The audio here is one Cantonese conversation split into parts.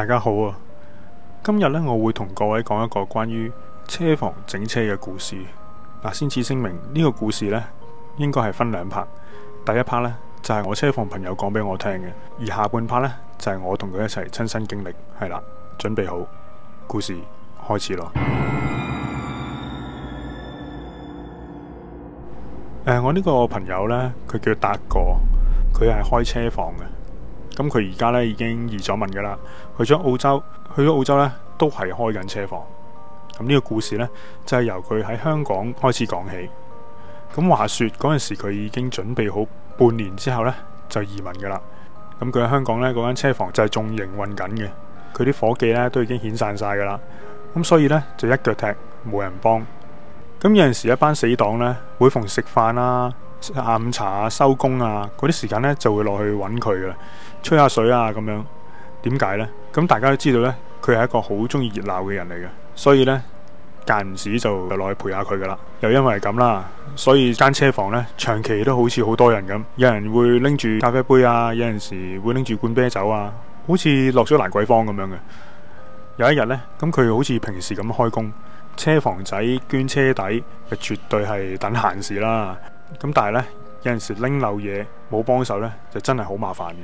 大家好啊！今日呢，我會同各位講一個關於車房整車嘅故事。嗱，先此聲明，呢個故事呢，應該係分兩 part。第一 part 呢就係我車房朋友講俾我聽嘅，而下半 part 呢，就係我同佢一齊親身經歷。係啦，準備好，故事開始咯。誒、呃，我呢個朋友呢，佢叫達哥，佢係開車房嘅。咁佢而家咧已經移咗民噶啦，去咗澳洲，去咗澳洲咧都係開緊車房。咁呢個故事呢，就係由佢喺香港開始講起。咁話說嗰陣時佢已經準備好半年之後呢就移民噶啦。咁佢喺香港呢嗰間車房就係仲營運緊嘅，佢啲伙計呢都已經遣散晒噶啦。咁所以呢就一腳踢，冇人幫。咁有陣時一班死黨呢，每逢食飯啦、啊，下午茶啊，收工啊，嗰啲時間呢就會落去揾佢噶啦，吹下水啊咁樣。點解呢？咁大家都知道呢，佢係一個好中意熱鬧嘅人嚟嘅，所以呢，間唔時就落去陪下佢噶啦。又因為咁啦，所以間車房呢，長期都好似好多人咁，有人會拎住咖啡杯啊，有陣時會拎住罐啤酒啊，好似落咗蘭桂坊咁樣嘅。有一日呢，咁佢好似平時咁開工，車房仔捐車底，就絕對係等閒事啦。咁但係呢，有陣時拎漏嘢冇幫手呢，就真係好麻煩嘅。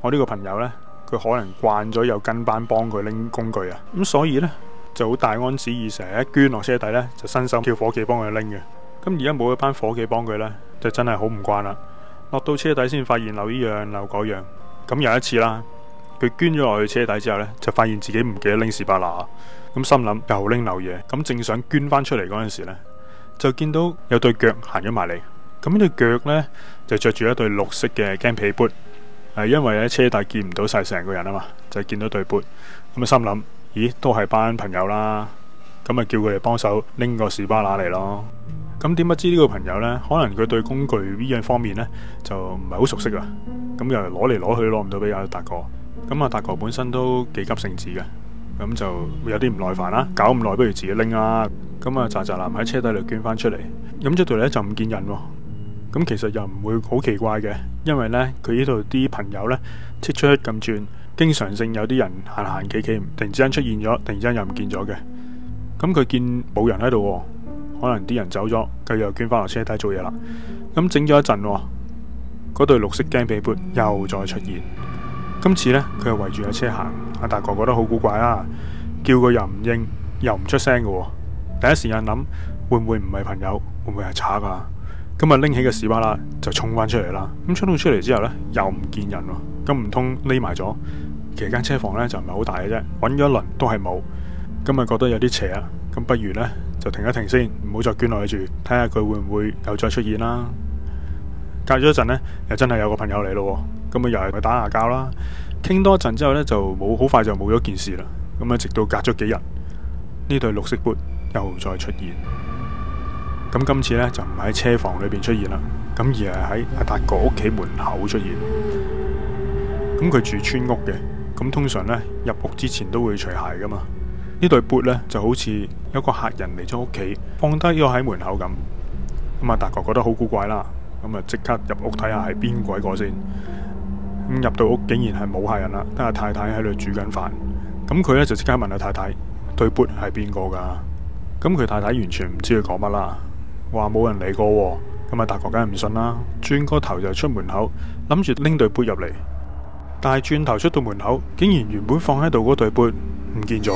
我呢個朋友呢，佢可能慣咗有跟班幫佢拎工具啊，咁所以呢，就好大安旨意，成日一捐落車底呢，就伸手叫伙計幫佢拎嘅。咁而家冇一班伙計幫佢呢，就真係好唔慣啦。落到車底先發現漏呢樣漏嗰樣。咁有一次啦，佢捐咗落去車底之後呢，就發現自己唔記得拎士巴拿，咁心諗又拎漏嘢，咁正想捐返出嚟嗰陣時呢。就見到有對腳行咗埋嚟。咁呢對腳呢，就着住一對綠色嘅麂皮 boot，係因為咧車大見唔到晒成個人啊嘛，就見到對 boot，咁啊心諗，咦，都係班朋友啦，咁啊叫佢哋幫手拎個士巴拿嚟咯。咁點不知呢個朋友呢，可能佢對工具呢樣方面呢，就唔係好熟悉啊，咁又攞嚟攞去攞唔到俾阿達哥，咁阿達哥本身都幾急性子嘅。咁就會有啲唔耐煩啦，搞咁耐不如自己拎啦。咁啊，渣渣男喺車底度捐返出嚟，咁出到嚟就唔見人喎。咁其實又唔會好奇怪嘅，因為呢，佢呢度啲朋友呢，出出咁轉，經常性有啲人行行企企，突然之間出現咗，突然之間又唔見咗嘅。咁佢見冇人喺度，可能啲人走咗，佢又捐返落車底做嘢啦。咁整咗一陣，嗰對綠色驚鼻缽又再出現。今次咧，佢係圍住架車行，阿大哥哥覺得好古怪啦，叫佢又唔應，又唔出聲嘅。第一時間諗，會唔會唔係朋友，會唔會係賊啊？今日拎起個士巴拿就衝翻出嚟啦。咁衝到出嚟之後咧，又唔見人咯。咁唔通匿埋咗？其實間車房咧就唔係好大嘅啫，搵咗一輪都係冇。今日覺得有啲邪啊，咁不如咧就停一停先，唔好再捐落去住，睇下佢會唔會又再出現啦。隔咗一陣咧，又真係有個朋友嚟咯。咁啊，又係佢打牙交啦，傾多一陣之後呢，就冇，好快就冇咗件事啦。咁啊，直到隔咗幾日，呢對綠色鉢又再出現。咁今次呢，就唔喺車房裏邊出現啦，咁而係喺阿達哥屋企門口出現。咁佢住村屋嘅，咁通常呢，入屋之前都會除鞋噶嘛。呢對鉢呢，就好似有個客人嚟咗屋企，放低咗喺門口咁。咁啊，達哥覺得好古怪啦，咁啊即刻入屋睇下係邊鬼個先。咁入到屋，竟然係冇客人啦，得阿太太喺度煮緊飯。咁佢呢就即刻問阿太太：對缽係邊個噶？咁佢太太完全唔知佢講乜啦，話冇人嚟過、喎。咁阿達哥梗係唔信啦，轉個頭就出門口，諗住拎對缽入嚟。但係轉頭出到門口，竟然原本放喺度嗰對缽唔見咗。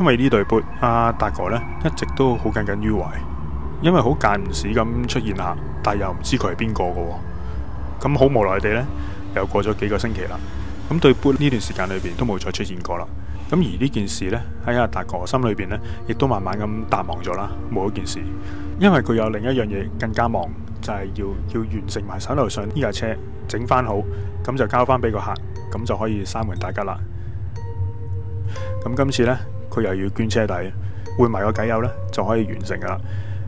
因為呢對缽，阿、啊、達哥呢一直都好耿耿於懷，因為好間唔時咁出現下，但又唔知佢係邊個噶。咁好無奈地呢，又過咗幾個星期啦。咁對杯呢段時間裏邊都冇再出現過啦。咁而呢件事呢，喺阿達哥心裏邊呢，亦都慢慢咁淡忘咗啦，冇一件事，因為佢有另一樣嘢更加忙，就係、是、要要完成埋手頭上呢架車整翻好，咁就交翻俾個客，咁就可以閂門大吉啦。咁今次呢，佢又要捐車底，換埋個機油呢就可以完成噶啦。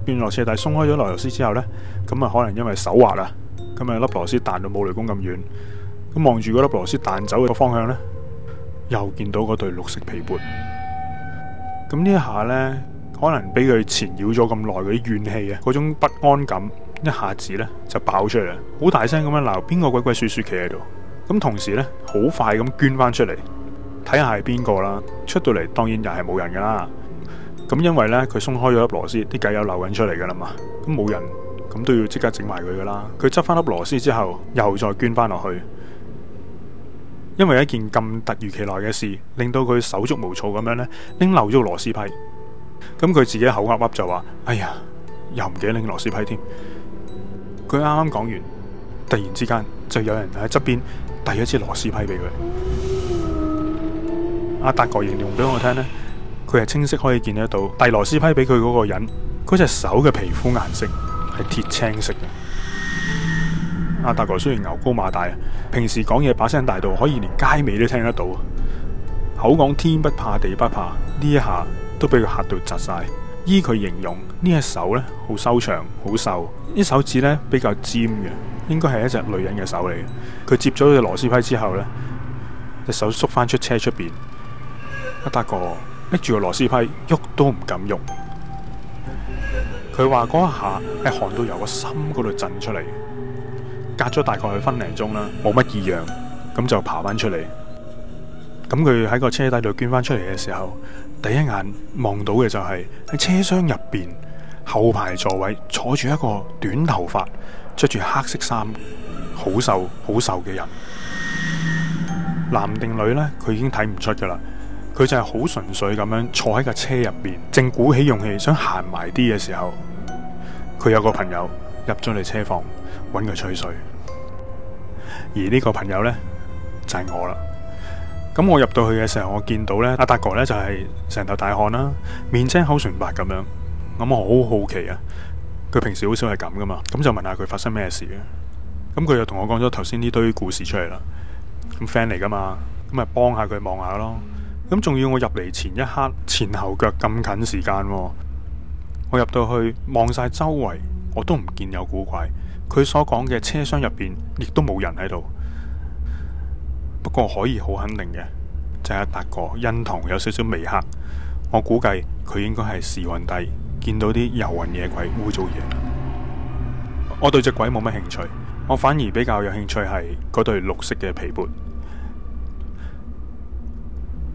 捐落車底，鬆開咗螺絲之後呢，咁啊可能因為手滑啊。咁啊！粒螺絲彈到冇雷公咁遠，咁望住嗰粒螺絲彈走嘅方向呢，又見到嗰對綠色皮靴。咁呢一下呢，可能俾佢纏繞咗咁耐嗰啲怨氣啊，嗰種不安感，一下子咧就爆出嚟，好大聲咁樣鬧邊個鬼鬼祟祟企喺度？咁同時呢，好快咁捐翻出嚟睇下係邊個啦。出到嚟當然又係冇人噶啦。咁因為呢，佢鬆開咗粒螺絲，啲機油漏緊出嚟噶啦嘛，咁冇人。咁都要即刻整埋佢噶啦。佢執返粒螺絲之後，又再捐返落去，因為一件咁突如其來嘅事，令到佢手足無措咁樣呢，拎漏咗個螺絲批。咁佢自己口噏噏就話，哎呀，又唔記得拎螺絲批添。佢啱啱講完，突然之間就有人喺側邊遞一支螺絲批俾佢。阿達哥形容俾我聽呢，佢係清晰可以見得到遞螺絲批俾佢嗰個人嗰隻手嘅皮膚顏色。係鐵青色嘅。阿、啊、達哥雖然牛高馬大，平時講嘢把聲大到可以連街尾都聽得到。口講天不怕地不怕，呢一下都俾佢嚇到窒晒。依佢形容呢隻手呢，好修長，好瘦，呢手指呢，比較尖嘅，應該係一隻女人嘅手嚟。佢接咗隻螺絲批之後呢，隻手縮返出車出邊。阿、啊、達哥拎住個螺絲批，喐都唔敢喐。佢話嗰一下係寒到由個心嗰度震出嚟，隔咗大概一分零鐘啦，冇乜異樣，咁就爬翻出嚟。咁佢喺個車底度捐翻出嚟嘅時候，第一眼望到嘅就係、是、喺車廂入邊後排座位坐住一個短頭髮、着住黑色衫、好瘦好瘦嘅人，男定女呢？佢已經睇唔出噶啦。佢就係好純粹咁樣坐喺架車入邊，正鼓起勇氣想行埋啲嘅時候，佢有個朋友入咗嚟車房揾佢吹水，而呢個朋友呢，就係我啦。咁我入到去嘅時候，我見到呢阿達哥呢，就係成頭大汗啦，面青口唇白咁樣，咁我好好奇啊！佢平時好少係咁噶嘛，咁就問下佢發生咩事啊？咁佢又同我講咗頭先呢堆故事出嚟啦。咁 friend 嚟噶嘛，咁咪幫下佢望下咯。咁仲要我入嚟前一刻前後腳咁近時間喎。我入到去望晒周圍，我都唔見有古怪。佢所講嘅車廂入邊亦都冇人喺度。不過可以好肯定嘅，就係達哥印堂有少少微黑。我估計佢應該係時運低，見到啲遊魂野鬼污糟嘢。我對隻鬼冇乜興趣，我反而比較有興趣係嗰對綠色嘅皮鉢。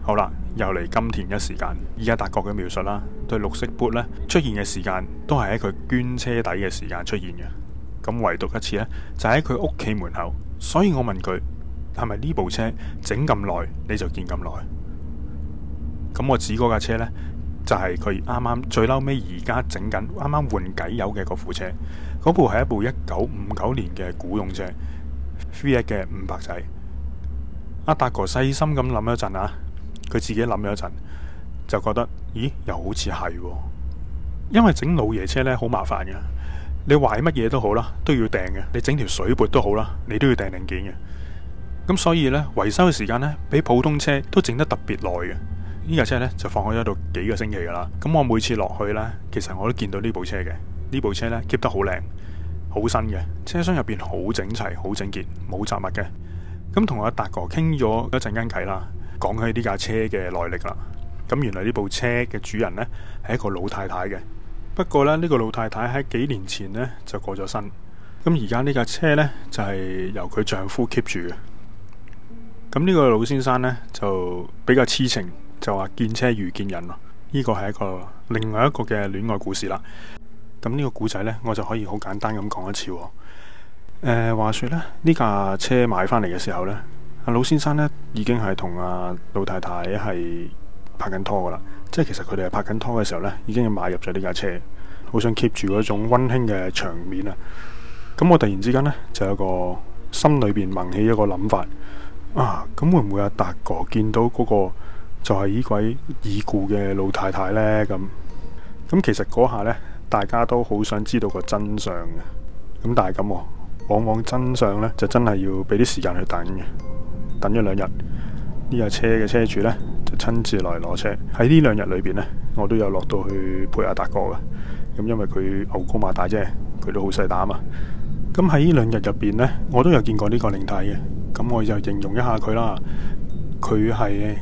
好啦，又嚟金田一時間。而家達哥嘅描述啦，對綠色 boot 咧出現嘅時間，都係喺佢捐車底嘅時間出現嘅。咁唯獨一次呢，就喺佢屋企門口。所以我問佢係咪呢部車整咁耐你就見咁耐？咁我指嗰架車呢，就係佢啱啱最嬲尾而家整緊，啱啱換偈油嘅嗰副車。嗰部係一部一九五九年嘅古董車，菲亞嘅五百仔。阿達哥細心咁諗一陣啊！佢自己諗咗一陣，就覺得咦，又好似係啊，因為整老爺車呢，好麻煩嘅，你壞乜嘢都好啦，都要訂嘅，你整條水撥都好啦，你都要訂零件嘅。咁所以呢，維修嘅時間呢，比普通車都整得特別耐嘅。呢架車呢，就放喺度幾個星期噶啦。咁我每次落去呢，其實我都見到呢部車嘅，呢部車呢，keep 得好靚，好新嘅，車廂入邊好整齊、好整潔，冇雜物嘅。咁同阿達哥傾咗一陣間偈啦。講起呢架車嘅來歷啦，咁原來呢部車嘅主人呢係一個老太太嘅，不過咧呢、呢個老太太喺幾年前呢就過咗身，咁而家呢架車呢就係、是、由佢丈夫 keep 住嘅。咁呢個老先生呢就比較痴情，就話見車如見人咯，呢個係一個另外一個嘅戀愛故事啦。咁呢個故仔呢，我就可以好簡單咁講一次。誒、呃，話說咧呢架車買返嚟嘅時候呢。阿老先生咧，已經係同阿老太太係拍緊拖噶啦。即係其實佢哋係拍緊拖嘅時候咧，已經買入咗呢架車。好想 keep 住嗰種溫馨嘅場面啊！咁我突然之間咧，就有個心裏邊萌起一個諗法啊！咁會唔會阿、啊、達哥見到嗰個就係呢位已故嘅老太太咧？咁咁其實嗰下咧，大家都好想知道個真相嘅。咁但係咁、哦，往往真相咧就真係要俾啲時間去等嘅。等咗兩日，呢架車嘅車主呢就親自嚟攞車。喺呢兩日裏邊呢，我都有落到去陪阿達哥嘅。咁因為佢牛高馬大啫，佢都好細膽啊。咁喺呢兩日入邊呢，我都有見過呢個靈體嘅。咁我就形容一下佢啦。佢係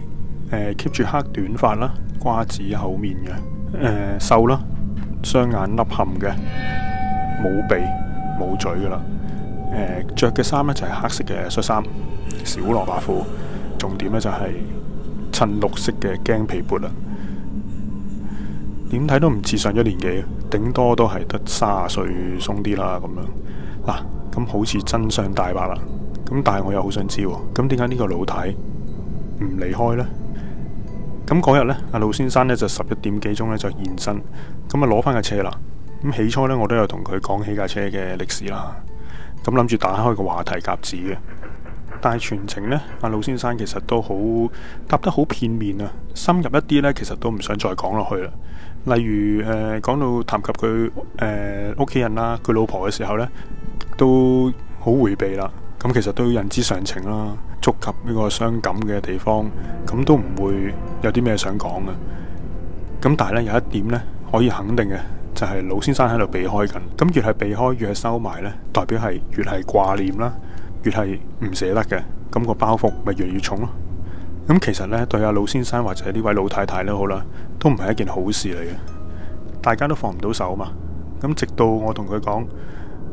誒 keep 住黑短髮啦，瓜子口面嘅，誒、呃、瘦啦，雙眼凹陷嘅，冇鼻冇嘴噶啦。着嘅衫咧就係黑色嘅恤衫。小蘿蔔褲，重點呢就係、是、襯綠色嘅麂皮撥啦。點睇都唔似上咗年紀，頂多都係得三十歲鬆啲啦咁樣。嗱、啊，咁好似真相大白啦。咁但係我又好想知道，咁點解呢個老太唔離開呢？咁嗰日呢，阿老先生呢就十一點幾鐘呢就現身，咁啊攞翻架車啦。咁起初呢，我都有同佢講起架車嘅歷史啦。咁諗住打開個話題夾子嘅，但係全程呢，阿老先生其實都好答得好片面啊，深入一啲呢，其實都唔想再講落去啦。例如誒講、呃、到談及佢誒屋企人啦、啊，佢老婆嘅時候呢，都好迴避啦。咁、嗯、其實都人之常情啦，觸及呢個傷感嘅地方，咁、嗯、都唔會有啲咩想講嘅。咁、嗯、但係呢，有一點呢，可以肯定嘅，就係、是、老先生喺度避開緊。咁、嗯、越係避開越係收埋呢，代表係越係掛念啦。越係唔捨得嘅，咁個包袱咪越來越重咯。咁其實呢，對阿老先生或者呢位老太太都好啦，都唔係一件好事嚟嘅。大家都放唔到手嘛。咁直到我同佢講，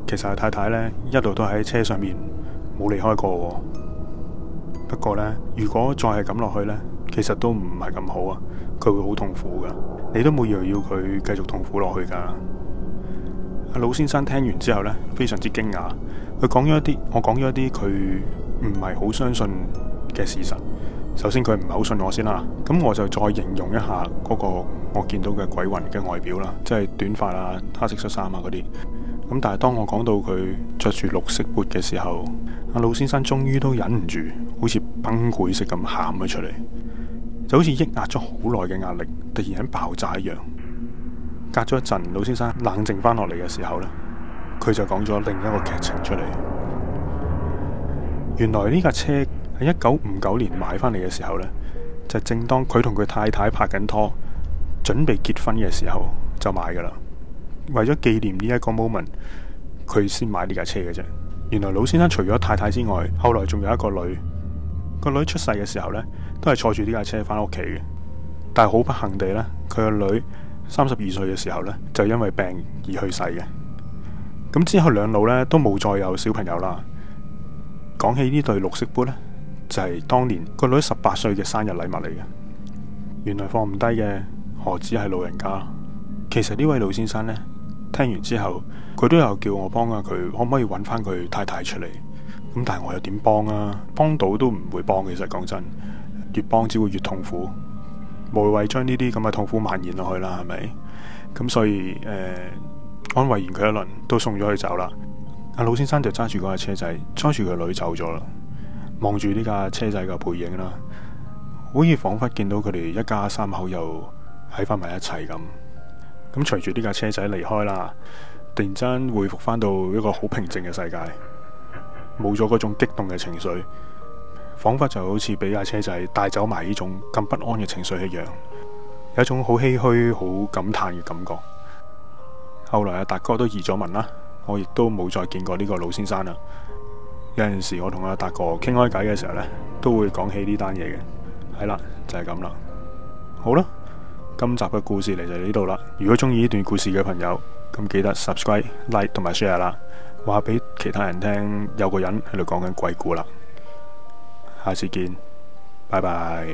其實阿太太呢，一路都喺車上面冇離開過。不過呢，如果再係咁落去呢，其實都唔係咁好啊。佢會好痛苦噶，你都冇要佢繼續痛苦落去噶阿老先生聽完之後呢，非常之驚訝。佢講咗一啲，我講咗一啲，佢唔係好相信嘅事實。首先佢唔係好信我先啦，咁我就再形容一下嗰個我見到嘅鬼魂嘅外表啦，即係短髮啊，黑色恤衫啊嗰啲。咁但係當我講到佢着住綠色 boot 嘅時候，阿老先生終於都忍唔住，好似崩潰式咁喊咗出嚟，就好似抑壓咗好耐嘅壓力突然間爆炸一樣。隔咗一陣，老先生冷靜翻落嚟嘅時候呢，佢就講咗另一個劇情出嚟。原來呢架車喺一九五九年買返嚟嘅時候呢，就正當佢同佢太太拍緊拖，準備結婚嘅時候，就買噶啦。為咗紀念呢一個 moment，佢先買呢架車嘅啫。原來老先生除咗太太之外，後來仲有一個女，個女出世嘅時候呢都係坐住呢架車返屋企嘅。但係好不幸地呢佢個女。三十二歲嘅時候呢，就因為病而去世嘅。咁之後兩老呢都冇再有小朋友啦。講起呢對綠色靴呢，就係當年個女十八歲嘅生日禮物嚟嘅。原來放唔低嘅，何止係老人家？其實呢位老先生呢，聽完之後，佢都有叫我幫下佢，可唔可以揾返佢太太出嚟？咁但係我又點幫啊？幫到都唔會幫。其實講真，越幫只會越痛苦。無謂將呢啲咁嘅痛苦蔓延落去啦，係咪？咁所以誒、呃，安慰完佢一輪，都送咗佢走啦。阿老先生就揸住嗰架車仔，揸住佢女走咗啦，望住呢架車仔嘅背影啦，好似仿佛見到佢哋一家三口又喺翻埋一齊咁。咁隨住呢架車仔離開啦，突然間恢復翻到一個好平靜嘅世界，冇咗嗰種激動嘅情緒。仿佛就好似俾架車仔帶走埋呢種咁不安嘅情緒一樣，有一種好唏噓、好感嘆嘅感覺。後來阿達哥都移咗民啦，我亦都冇再見過呢個老先生啦。有陣時我同阿達哥傾開偈嘅時候呢，都會講起呢單嘢嘅。係啦，就係咁啦。好啦，今集嘅故事嚟，就喺呢度啦。如果中意呢段故事嘅朋友，咁記得 subscribe、like、like 同埋 share 啦，話俾其他人聽有個人喺度講緊鬼故啦。下次見，拜拜。